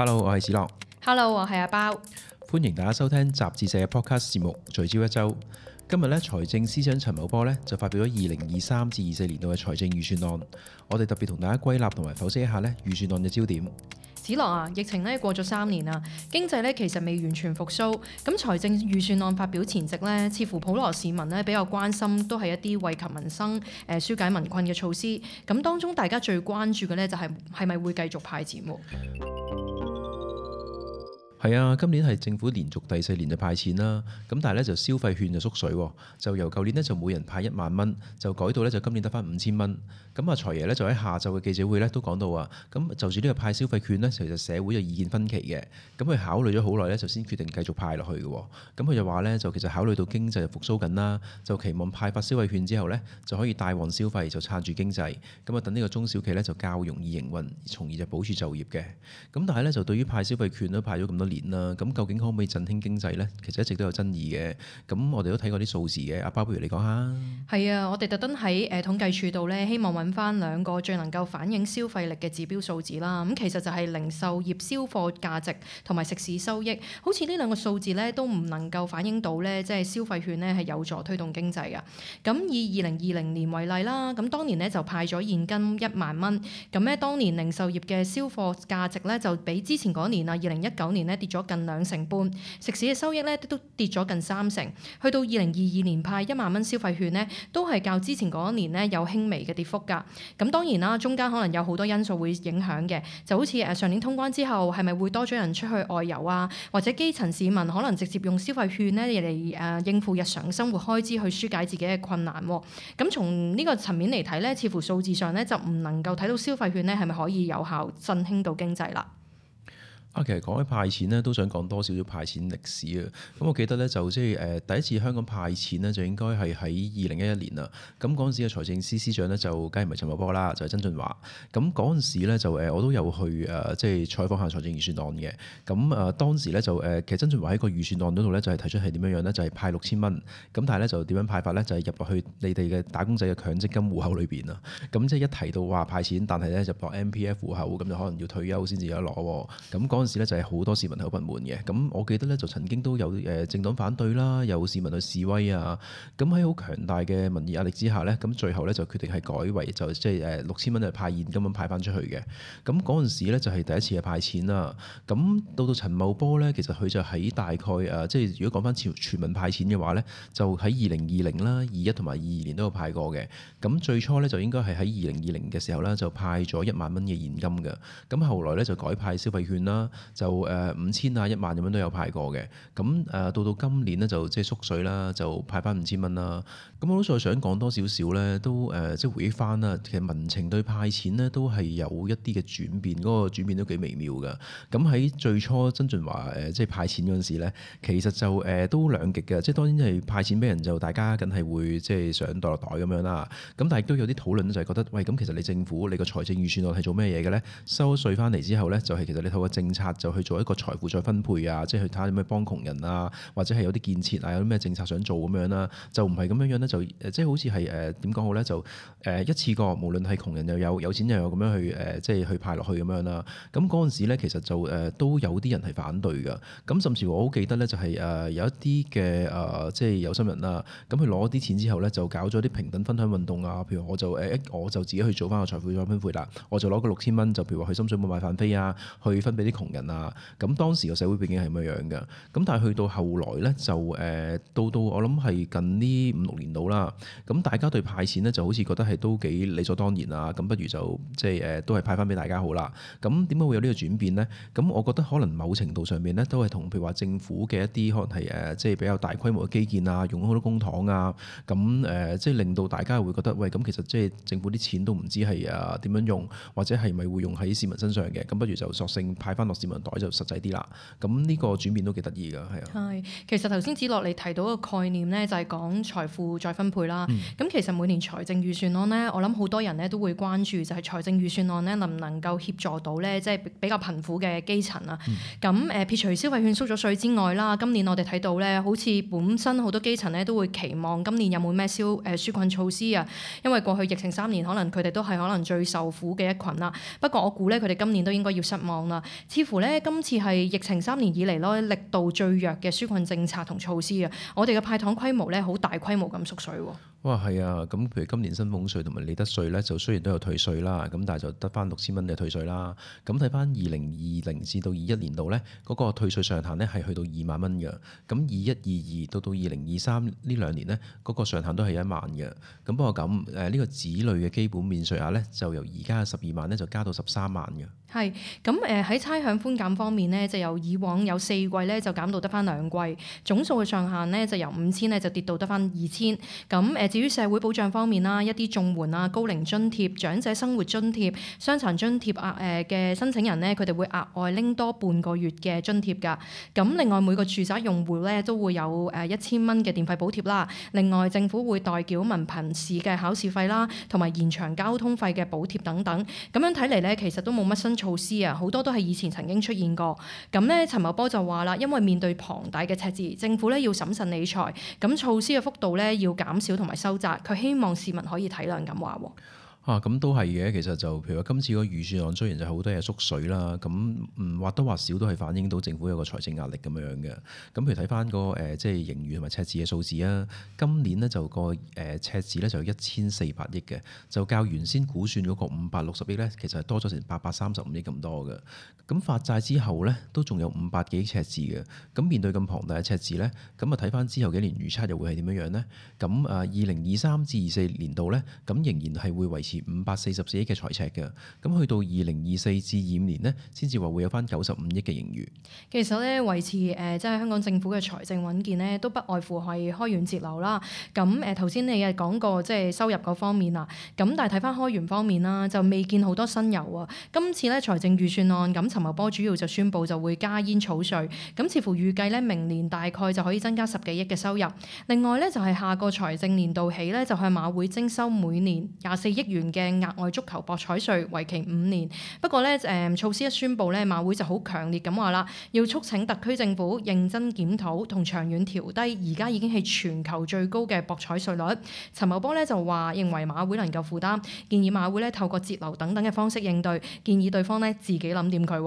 Hello，我係子樂。Hello，我係阿包。歡迎大家收聽《雜誌社》podcast 節目《聚焦一周》。今日咧，財政司長陳茂波咧就發表咗二零二三至二四年度嘅財政預算案。我哋特別同大家歸納同埋剖析一下咧預算案嘅焦點。子樂啊，疫情咧過咗三年啦，經濟咧其實未完全復甦。咁財政預算案發表前夕咧，似乎普羅市民咧比較關心都係一啲惠及民生、誒疏解民困嘅措施。咁當中大家最關注嘅咧就係係咪會繼續派錢？係啊，今年係政府連續第四年就派錢啦，咁但係咧就消費券就縮水，就由舊年咧就每人派一萬蚊，就改到咧就今年得返五千蚊。咁阿財爺咧就喺下晝嘅記者會咧都講到啊。咁就住呢個派消費券咧，其實社會有意見分歧嘅，咁佢考慮咗好耐咧就先決定繼續派落去嘅。咁佢就話咧就其實考慮到經濟就復甦緊啦，就期望派發消費券之後咧就可以帶旺消費就撐住經濟，咁啊等呢個中小企咧就較容易營運，從而就保住就業嘅。咁但係咧就對於派消費券都派咗咁多年啦，咁究竟可唔可以振興經濟呢？其實一直都有爭議嘅。咁我哋都睇過啲數字嘅，阿包不如你講下。係啊，我哋特登喺誒統計處度呢，希望揾翻兩個最能夠反映消費力嘅指標數字啦。咁其實就係零售業銷貨價值同埋食肆收益。好似呢兩個數字呢，都唔能夠反映到呢，即係消費券呢係有助推動經濟嘅。咁以二零二零年為例啦，咁當年呢就派咗現金一萬蚊。咁呢當年零售業嘅銷貨價值呢，就比之前嗰年啊，二零一九年呢。跌咗近兩成半，食肆嘅收益咧都跌咗近三成。去到二零二二年派一萬蚊消費券咧，都係較之前嗰一年咧有輕微嘅跌幅㗎。咁當然啦，中間可能有好多因素會影響嘅，就好似誒上年通關之後，係咪會多咗人出去外遊啊？或者基層市民可能直接用消費券咧嚟誒應付日常生活開支，去舒解自己嘅困難喎。咁從呢個層面嚟睇咧，似乎數字上咧就唔能夠睇到消費券咧係咪可以有效振興到經濟啦。其實、okay, 講起派錢咧，都想講多少少派錢歷史啊。咁、嗯、我記得咧，就即係誒第一次香港派錢咧，就應該係喺二零一一年啦。咁嗰陣時嘅財政司司長咧，就梗係唔係陳茂波啦，就係、是、曾俊華。咁嗰陣時咧，就誒我都有去誒即係採訪下財政預算案嘅。咁誒當時咧就誒其實曾俊華喺個預算案嗰度咧，就係、是、提出係點樣樣咧，就係、是、派六千蚊。咁但係咧就點樣派法咧，就係、是、入落去你哋嘅打工仔嘅強積金戶口裏邊啊。咁、嗯、即係一提到話派錢，但係咧入落 M P F 戶口咁就可能要退休先至有得攞。咁、嗯、嗰就係好多市民好不滿嘅，咁我記得咧就曾經都有誒政黨反對啦，有市民去示威啊，咁喺好強大嘅民意壓力之下咧，咁最後咧就決定係改為就即係誒六千蚊嚟派現金咁派翻出去嘅。咁嗰陣時咧就係第一次嘅派錢啦。咁到到陳茂波咧，其實佢就喺大概誒即係如果講翻全民派錢嘅話咧，就喺二零二零啦、二一同埋二二年都有派過嘅。咁最初咧就應該係喺二零二零嘅時候咧就派咗一萬蚊嘅現金嘅。咁後來咧就改派消費券啦。就誒五千啊，一萬咁樣都有派過嘅，咁誒到到今年咧就即係、就是、縮水啦，就派翻五千蚊啦。咁我都再想講多少少咧，都誒即係回憶翻啦。其實民情對派錢咧都係有一啲嘅轉變，嗰、那個轉變都幾微妙㗎。咁喺最初曾俊華誒即係派錢嗰陣時咧，其實就誒、呃、都兩極嘅，即係當然係派錢俾人就大家梗係會即係、就是、想袋落袋咁樣啦。咁但係都有啲討論就係覺得，喂，咁其實你政府你個財政預算案係做咩嘢嘅咧？收咗稅翻嚟之後咧，就係、是、其實你透過政策。就去做一個財富再分配啊，即係去睇下有咩幫窮人啊，或者係有啲建設啊，有啲咩政策想做咁樣啦、啊，就唔係咁樣樣咧，就即係好似係誒點講好咧，就誒、是呃呃、一次過，無論係窮人又有有錢又有咁樣去誒、呃，即係去派落去咁樣啦、啊。咁嗰陣時咧，其實就誒、呃、都有啲人係反對嘅。咁甚至我好記得咧，就係、是、誒、呃、有一啲嘅誒，即係有心人啦、啊。咁佢攞啲錢之後咧，就搞咗啲平等分享運動啊。譬如我就誒、呃、我就自己去做翻個財富再分配啦、啊。我就攞個六千蚊，就譬如話去深水埗買飯飛啊，去分俾啲窮。人啊，咁當時嘅社會背景係乜樣嘅？咁但係去到後來咧，就、呃、誒到到我諗係近呢五六年度啦。咁大家對派錢咧，就好似覺得係都幾理所當然啊。咁不如就即係誒，都係派翻俾大家好啦。咁點解會有個轉呢個轉變咧？咁我覺得可能某程度上面咧，都係同譬如話政府嘅一啲可能係誒、呃，即係比較大規模嘅基建啊，用咗好多公帑啊。咁誒，即係令到大家會覺得喂，咁其實即係政府啲錢都唔知係啊點樣用，或者係咪會用喺市民身上嘅？咁不如就索性派翻落。紙巾袋就實際啲啦，咁、這、呢個轉變都幾得意㗎，係啊。係，其實頭先子樂你提到個概念咧，就係講財富再分配啦。咁、嗯、其實每年財政預算案咧，我諗好多人咧都會關注就財能能，就係財政預算案咧能唔能夠協助到咧，即係比較貧苦嘅基層啊。咁誒、嗯、撇除消費券縮咗稅之外啦，今年我哋睇到咧，好似本身好多基層咧都會期望今年有冇咩消誒紓困措施啊，因為過去疫情三年可能佢哋都係可能最受苦嘅一群啦。不過我估咧佢哋今年都應該要失望啦。乎咧，今次係疫情三年以嚟咯，力度最弱嘅紓困政策同措施啊！我哋嘅派糖規模咧，好大規模咁縮水喎。哇，係啊！咁譬如今年薪俸稅同埋利得稅咧，就雖然都有退稅啦，咁但係就得返六千蚊嘅退稅啦。咁睇返二零二零至到二一年度咧，嗰個退稅上限咧係去到二萬蚊嘅。咁二一二二到到二零二三呢兩年咧，嗰個上限都係一萬嘅。咁不過咁誒，呢個子女嘅基本免稅額咧，就由而家嘅十二萬咧，就加到十三萬嘅。係咁誒，喺差餉寬減方面呢，就由以往有四季咧就減到得返兩季，總數嘅上限呢，就由五千咧就跌到得返二千。咁、嗯、誒、呃、至於社會保障方面啦，一啲綜援啊、高齡津貼、長者生活津貼、傷殘津貼額誒嘅申請人呢，佢哋會額外拎多半個月嘅津貼㗎。咁、嗯、另外每個住宅用戶呢，都會有誒、呃、一千蚊嘅電費補貼啦。另外政府會代繳文憑試嘅考試費啦，同埋延長交通費嘅補貼等等。咁樣睇嚟呢，其實都冇乜新。措施啊，好多都係以前曾經出現過。咁咧，陳茂波就話啦，因為面對龐大嘅赤字，政府咧要審慎理財，咁措施嘅幅度咧要減少同埋收窄。佢希望市民可以體諒咁話喎。啊，咁都係嘅，其實就譬如話今次個預算案，雖然就好多嘢縮水啦，咁嗯或多或少都係反映到政府有個財政壓力咁樣嘅。咁譬如睇翻、個誒、呃，即係盈餘同埋赤字嘅數字啊，今年呢就個誒、呃、赤字咧就一千四百億嘅，就較原先估算嗰個五百六十億咧，其實係多咗成八百三十五億咁多嘅。咁發債之後咧，都仲有五百幾億赤字嘅。咁面對咁龐大嘅赤字咧，咁啊睇翻之後幾年預測又會係點樣樣咧？咁啊，二零二三至二四年度咧，咁仍然係會維持。五百四十四億嘅財赤嘅，咁去到二零二四至二五年呢，先至話會有翻九十五億嘅盈餘。其實咧維持誒、呃，即係香港政府嘅財政穩健呢，都不外乎係開源節流啦。咁誒頭先你係講過即係收入嗰方面啦，咁但係睇翻開源方面啦，就未見好多新油啊。今次咧財政預算案，咁陳茂波主要就宣布就會加煙草稅，咁似乎預計呢，明年大概就可以增加十幾億嘅收入。另外咧就係、是、下個財政年度起咧，就向馬會徵收每年廿四億元。嘅額外足球博彩稅，為期五年。不過呢，誒措施一宣布呢，馬會就好強烈咁話啦，要促請特區政府認真檢討同長遠調低而家已經係全球最高嘅博彩稅率。陳茂波呢就話認為馬會能夠負擔，建議馬會呢透過節流等等嘅方式應對，建議對方呢自己諗掂佢。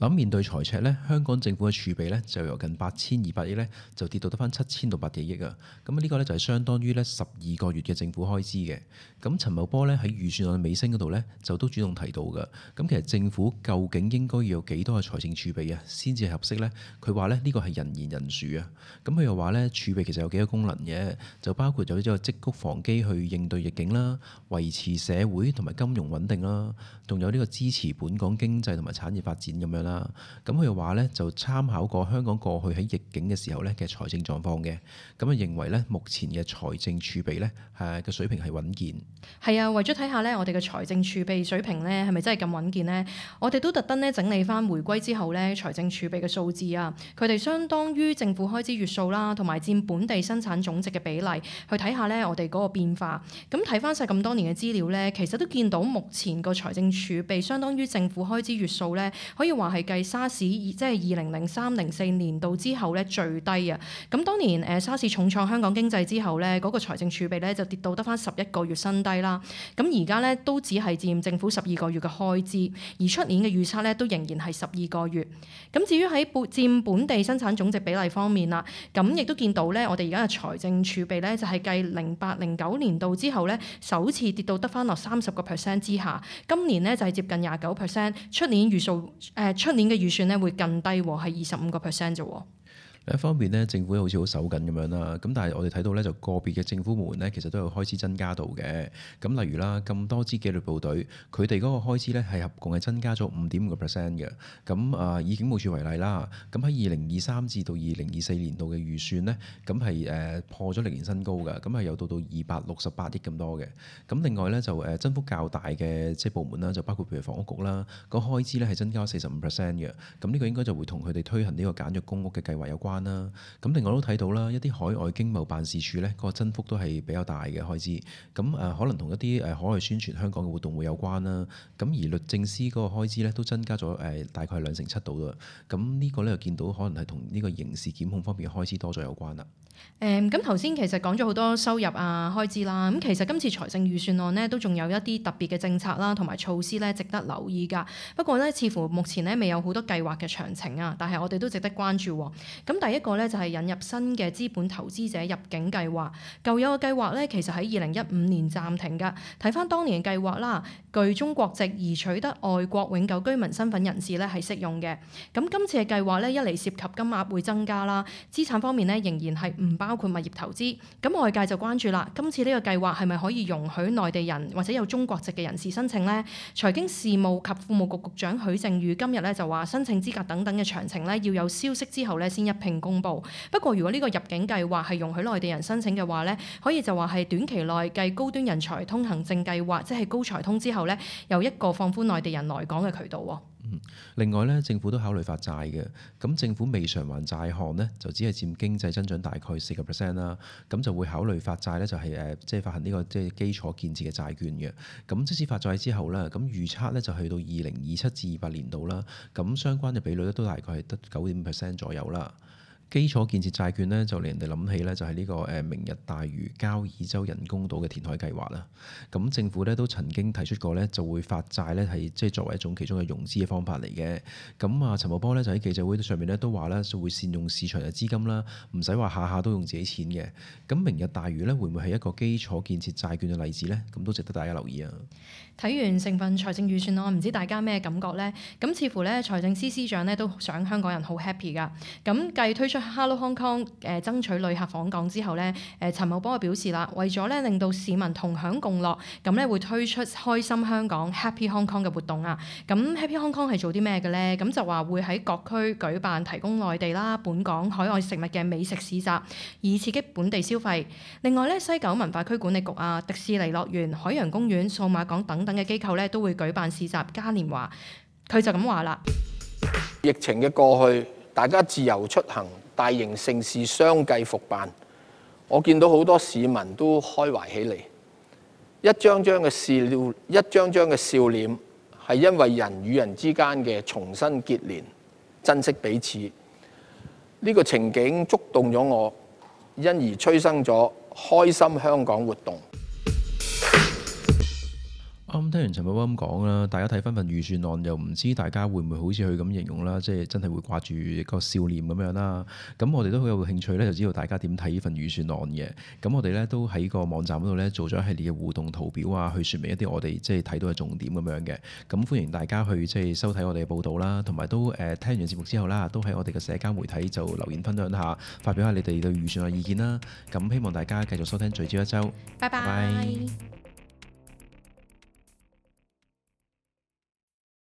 咁面對財赤咧，香港政府嘅儲備咧就由近八千二百億咧，就跌到得翻七千到百幾億七千六百幾億啊！咁、這、呢個咧就係相當於咧十二個月嘅政府開支嘅。咁陳茂波咧喺預算案尾聲嗰度咧，就都主動提到嘅。咁其實政府究竟應該要有幾多嘅財政儲備啊，先至係合適咧？佢話咧呢個係人言人殊啊。咁佢又話咧儲備其實有幾多功能嘅？就包括咗有咗積穀防饑去應對逆境啦，維持社會同埋金融穩定啦，仲有呢個支持本港經濟同埋產業發展咁樣啦。啊，咁佢話咧就參考過香港過去喺逆境嘅時候咧嘅財政狀況嘅，咁啊認為咧目前嘅財政儲備咧係個水平係穩健。係啊，為咗睇下咧我哋嘅財政儲備水平咧係咪真係咁穩健呢？我哋都特登咧整理翻回歸之後咧財政儲備嘅數字啊，佢哋相當於政府開支月數啦，同埋佔本地生產總值嘅比例，去睇下咧我哋嗰個變化。咁睇翻晒咁多年嘅資料咧，其實都見到目前個財政儲備相當於政府開支月數咧，可以話係。計沙士，即係二零零三零四年度之後咧最低啊！咁當年誒沙士重創香港經濟之後咧，嗰個財政儲備咧就跌到得翻十一個月新低啦。咁而家咧都只係佔政府十二個月嘅開支，而出年嘅預測咧都仍然係十二個月。咁至於喺佔本地生產總值比例方面啦，咁亦都見到咧，我哋而家嘅財政儲備咧就係計零八零九年度之後咧首次跌到得翻落三十個 percent 之下，今年咧就係接近廿九 percent。出年預數誒出。呃今年嘅預算咧會更低，係二十五個 percent 啫。一方面呢，政府好似好守緊咁樣啦，咁但係我哋睇到呢，就個別嘅政府部門呢，其實都有開始增加到嘅。咁例如啦，咁多支紀律部隊，佢哋嗰個開支呢，係合共係增加咗五點五個 percent 嘅。咁啊，以警務處為例啦，咁喺二零二三至到二零二四年度嘅預算呢，咁係誒破咗歷年新高嘅。咁係有到到二百六十八億咁多嘅。咁另外呢，就誒增幅較大嘅即係部門啦，就包括譬如房屋局啦，個開支呢係增加四十五 percent 嘅。咁、這、呢個應該就會同佢哋推行呢個簡約公屋嘅計劃有關。啦，咁另外都睇到啦，一啲海外經貿辦事處咧，嗰個增幅都係比較大嘅開支，咁誒可能同一啲誒海外宣傳香港嘅活動會有關啦，咁而律政司嗰個開支咧都增加咗誒大概兩成七度啦，咁、這、呢個咧就見到可能係同呢個刑事檢控方面開支多咗有關啦。誒咁頭先其實講咗好多收入啊、開支啦，咁其實今次財政預算案呢，都仲有一啲特別嘅政策啦、啊，同埋措施呢，值得留意㗎。不過呢，似乎目前呢，未有好多計劃嘅詳情啊，但係我哋都值得關注、啊。咁第一個呢，就係、是、引入新嘅資本投資者入境計劃，舊有嘅計劃呢，其實喺二零一五年暫停㗎。睇返當年嘅計劃啦，具中國籍而取得外國永久居民身份人士呢，係適用嘅。咁今次嘅計劃呢，一嚟涉及金額會增加啦，資產方面呢，仍然係唔唔包括物業投資，咁、嗯、外界就關注啦。今次呢個計劃係咪可以容許內地人或者有中國籍嘅人士申請呢？財經事務及庫務局局長許正宇今日咧就話，申請資格等等嘅詳情咧要有消息之後咧先一並公佈。不過如果呢個入境計劃係容許內地人申請嘅話咧，可以就話係短期內繼高端人才通行證計劃即係高才通之後咧，又一個放寬內地人來港嘅渠道喎。另外咧，政府都考慮發債嘅，咁政府未償還債項咧，就只係佔經濟增長大概四個 percent 啦，咁就會考慮發債咧，就係誒，即係發行呢個即係基礎建設嘅債券嘅，咁即使發債之後咧，咁預測咧就去到二零二七至二八年度啦，咁相關嘅比率咧都大概係得九點五 percent 左右啦。基礎建設債券咧，就令人哋諗起咧，就係呢個誒明日大嶼、交椅洲人工島嘅填海計劃啦。咁政府咧都曾經提出過咧，就會發債咧，係即係作為一種其中嘅融資嘅方法嚟嘅。咁啊，陳茂波咧就喺記者會上面咧都話咧，就會善用市場嘅資金啦，唔使話下下都用自己錢嘅。咁明日大嶼咧會唔會係一個基礎建設債券嘅例子咧？咁都值得大家留意啊！睇完成份財政預算案，唔知大家咩感覺咧？咁似乎咧財政司司長咧都想香港人好 happy 噶。咁計推出。Hello Hong Kong，誒爭取旅客訪港之後咧，誒陳茂波表示啦，為咗咧令到市民同享共樂，咁咧會推出開心香港 Happy Hong Kong 嘅活動啊。咁 Happy Hong Kong 係做啲咩嘅咧？咁就話會喺各區舉辦提供內地啦、本港、海外食物嘅美食市集，以刺激本地消費。另外咧，西九文化區管理局啊、迪士尼樂園、海洋公園、數碼港等等嘅機構咧，都會舉辦市集嘉年華。佢就咁話啦，疫情嘅過去，大家自由出行。大型盛事相繼復辦，我見到好多市民都開懷起嚟，一張張嘅笑，一張張嘅笑臉，係因為人與人之間嘅重新結連，珍惜彼此。呢、這個情景觸動咗我，因而催生咗開心香港活動。啱、嗯、聽完陳茂波咁講啦，大家睇翻份預算案又唔知大家會唔會好似佢咁形容啦，即係真係會掛住個笑臉咁樣啦。咁我哋都好有興趣咧，就知道大家點睇呢份預算案嘅。咁我哋咧都喺個網站嗰度咧做咗一系列嘅互動圖表啊，去説明一啲我哋即係睇到嘅重點咁樣嘅。咁歡迎大家去即係收睇我哋嘅報導啦，同埋都誒聽完節目之後啦，都喺我哋嘅社交媒體就留言分享下，發表下你哋對預算嘅意見啦。咁希望大家繼續收聽聚焦一周，拜拜 bye。Bye bye。